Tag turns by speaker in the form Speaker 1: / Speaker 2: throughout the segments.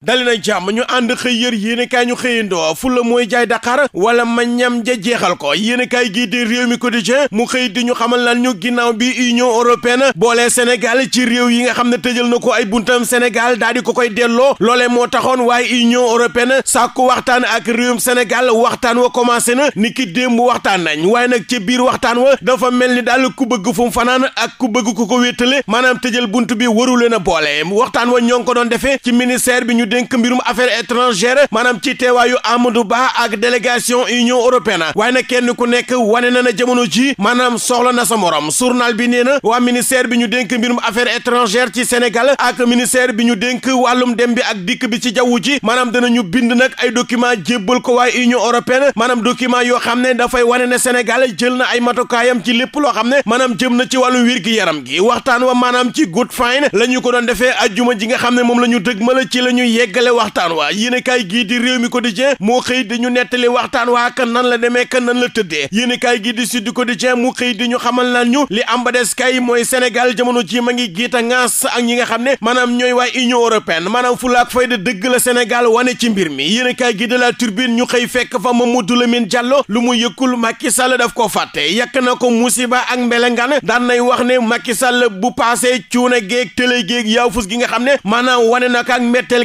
Speaker 1: dali na jàmm ñu ànd xëy yër kaa ñu xëyandoo fu la mooy jaay Dakar wala ma ñam ja jeexal ko yéenekaay gii di réew mi quotidien mu xëy di ñu xamal lan ñu ginnaaw bi Union européenne boolee Sénégal ci réew yi nga xam ne tëjël na ko ay buntam Sénégal daal di ko koy delloo loole moo taxoon waaye Union européenne sàkku waxtaan ak réewum Sénégal waxtaan wa commencé na ni ki démb waxtaan nañ waaye nag ci biir waxtaan wa dafa mel ni daal ku bëgg fu mu fanaan ak ku bëgg ku ko wéttale maanaam tëjal bunt bi waru leen a boole waxtaan wa ñoo ngi ko doon defee ci ministère bi ñu dénk mbirum affaires étrangères maanaam ci teewaayu Amadou Ba ak délégation Union européenne waaye nag kenn ku nekk wane na na jamono ji maanaam soxla na sa morom journal bi nee na waa ministère bi ñu dénk mbirum affaires étrangères ci Sénégal ak ministère bi ñu dénk wàllum dem bi ak dikk bi ci jaww ji maanaam danañu bind nag ay document jébbal ko waa Union européenne maanaam document yoo xam ne dafay wane ne Sénégal jël na ay matukaayam ci lépp loo xam ne maanaam jëm na ci wàllu wér gi yaram gi waxtaan wa maanaam ci good fine la ñu ko doon defee ajjuma ji nga xam ne moom la ñu dëgmal ci la ñuy yeggale waxtaan waa yéenekaay gii di réew mi quotidien moo xëy di ñu nettali waxtaan waa kan nan la demee kan nan la tëddee yéenekaay gii di Sud Quotidien mu xëy di ñu xamal naan ñu li amba ba des kay mooy Sénégal jamono ji ma ngi giita ngaas ak ñi nga xam ne maanaam ñooy waa Union européenne maanaam fulaak fayda dëgg la Sénégal wane ci mbir mi yéenekaay gii de la Tribune ñu xëy fekk fa Mamadou Lamine Diallo lu mu yëkkul Macky Sall daf ko fàtte yàkk na ko musiba ak mbelengaan daan nay wax ne Macky Sall bu paase cuuna géeg télé géeg yaafus gi nga xam ne maanaam wane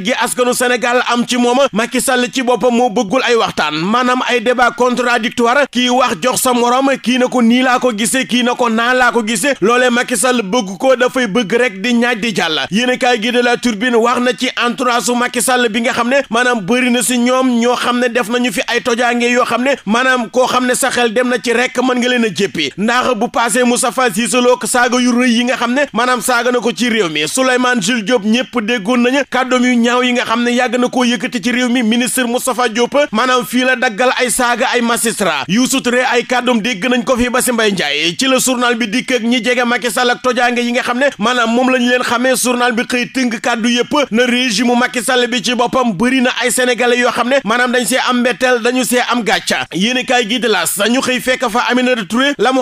Speaker 1: gi nu Sénégal am ci moom Macky Sall ci boppam moo bëggul ay waxtaan maanaam ay débat contradictoire kii wax jox sa morom kii na ko nii laa ko gisee kii na ko naa laa ko gisee loolee Macky Sall bëgg ko dafay bëgg rek di ñaaj di jàll yéen kaay gi de la turbine wax na ci entourage su Macky Sall bi nga xam ne maanaam bëri na si ñoom ñoo xam ne def nañu fi ay tojaange yoo xam ne maanaam koo xam ne saxel dem na ci rek mën nga leen a jéppi ndax bu passé Moustapha Cissé Lo saaga yu rëy yi nga xam ne maanaam saaga na ko ci réew mi Souleymane Jules Diop ñëpp déggoon nañu kàddoom yu yi nga xam ne yàgg na koo yëkkati ci réew mi ministre Moustapha Diop maanaam fii la daggal ay saaga ay magistrat Youssou Touré ay kàddum dégg nañ ko fii ba si Mbaye ci la journal bi dikk ñi jege Macky Sall tojaange yi nga xam ne maanaam moom lañu leen xamee journal bi xëy tënk kàddu yëpp na régime mu Macky bi ci boppam bëri na ay sénégalais yoo xam ne maanaam dañ see am mbetteel dañu see am gàcca yéen kaay gi de xëy fekk fa Aminata Touré la mu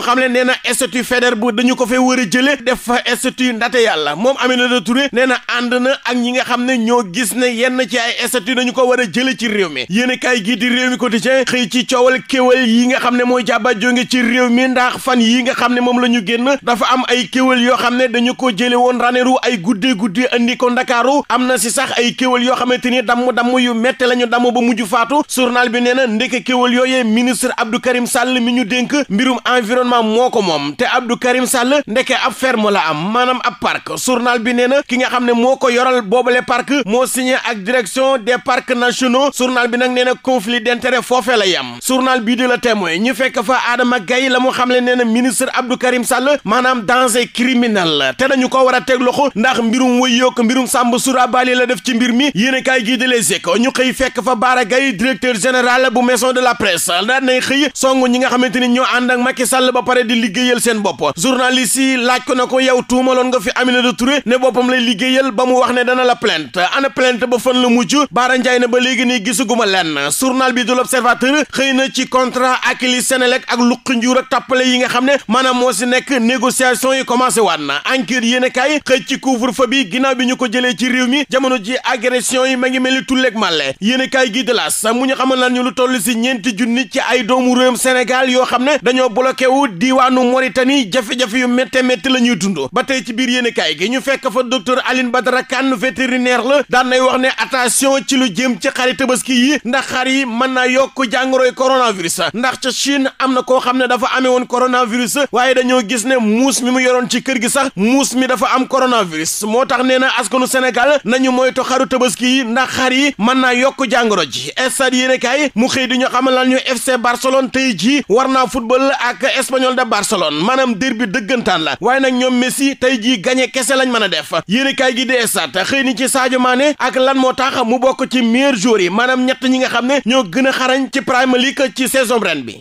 Speaker 1: a jële ne yenn ci ay statut dañu ko war a jële ci réew mi yéen kaay gii di réew mi quotidien xëy ci coowal kéwal yi nga xam ne mooy jàba jónge ci réew mi ndax fan yi nga xam ne moom la ñu génn dafa am ay kéwél yoo xam ne dañu ko jële woon raneru ay guddee guddee andi ko ndakaaru am na si sax ay kéwal yoo xamante ni damm-damm yu metti lañu ñu damm ba mujj faatu journal bi nee na ndeke kéwal yooyee ministre Abdou Karim Sall mi ñu dénk mbirum environnement moo ko moom te Abdou Karim Sall ndeke ab la am maanaam ab parc journal bi nee na ki xam ne moo ko yoral accompagné ak direction des parcs nationaux journal bi nag nee na conflit d'intérêt foofee la yem journal bii di la témoin ñu fekk fa Adama Gaye la mu xamle nee na ministre Abdou Karim Sall maanaam danger te te ñu ko war a teg loxo ndax mbirum wëy yokk mbirum samb Soura Bali la def ci mbir mi yéen kaay gii di Les Échos ñu xëy fekk fa Bara Gaye directeur général bu meson de la presse daan nay xëy song ñi nga xamante ni ñoo ànd ma Macky Sall ba pare di liggéeyal seen bopp journaliste yi laaj ko na ko yow tuumaloon nga fi Aminata Touré ne boppam lay liggéeyal ba mu wax te ba fan la mujj Baara Ndiaye na ba léegi nii gisuguma lenn journal bi du l'Observateur xëy na ci contrat ak li Senelec ak luqi njuur ak tàppale yi nga xam ne maanaam moo si nekk négociation yi commencé waat na enquête yéen a kaay xëy ci couvre-feu bi ginnaaw bi ñu ko jëlee ci réew mi jamono ji agression yi ma ngi mel ni tulleeg màlle yéen a gi de la sa mu ñu xamal ñu lu toll si ñeenti junni ci ay doomu réewum Sénégal yoo xam ne dañoo bloqué wu diiwaanu Mauritanie jafe-jafe yu métte métti la ñuy dund ba tey ci biir yéen gi ñu fekk fa docteur Aline Badara Kane vétérinaire la wax ne attention ci lu jëm ci xari tabaski yi ndax xar yi mën naa yokk jàngoroy coronavirus ndax ca Chine am na koo xam ne dafa amee woon coronavirus waaye dañoo gis ne muus mi mu yoroon ci kër gi sax muus mi dafa am coronavirus moo tax nee na askanu Sénégal nañu moytu xaru tabaski yi ndax xar yi mën naa yokk jàngoro ji stade yéene kaay mu xëy di ñu xamal lan ñu FC Barcelone tey jii war naa football ak Espagnol de Barcelone maanaam derby dëggantaan la waaye nag ñoom Messi tey jii gagné kese lañ mën a def yéene kaay gi di stade xëy ni ci Sadio Mané ak lan moo tax mu bokk ci meilleur joueur yi maanaam ñett ñi nga xam ne ñoo gën a xarañ ci Premier League ci saison ren bi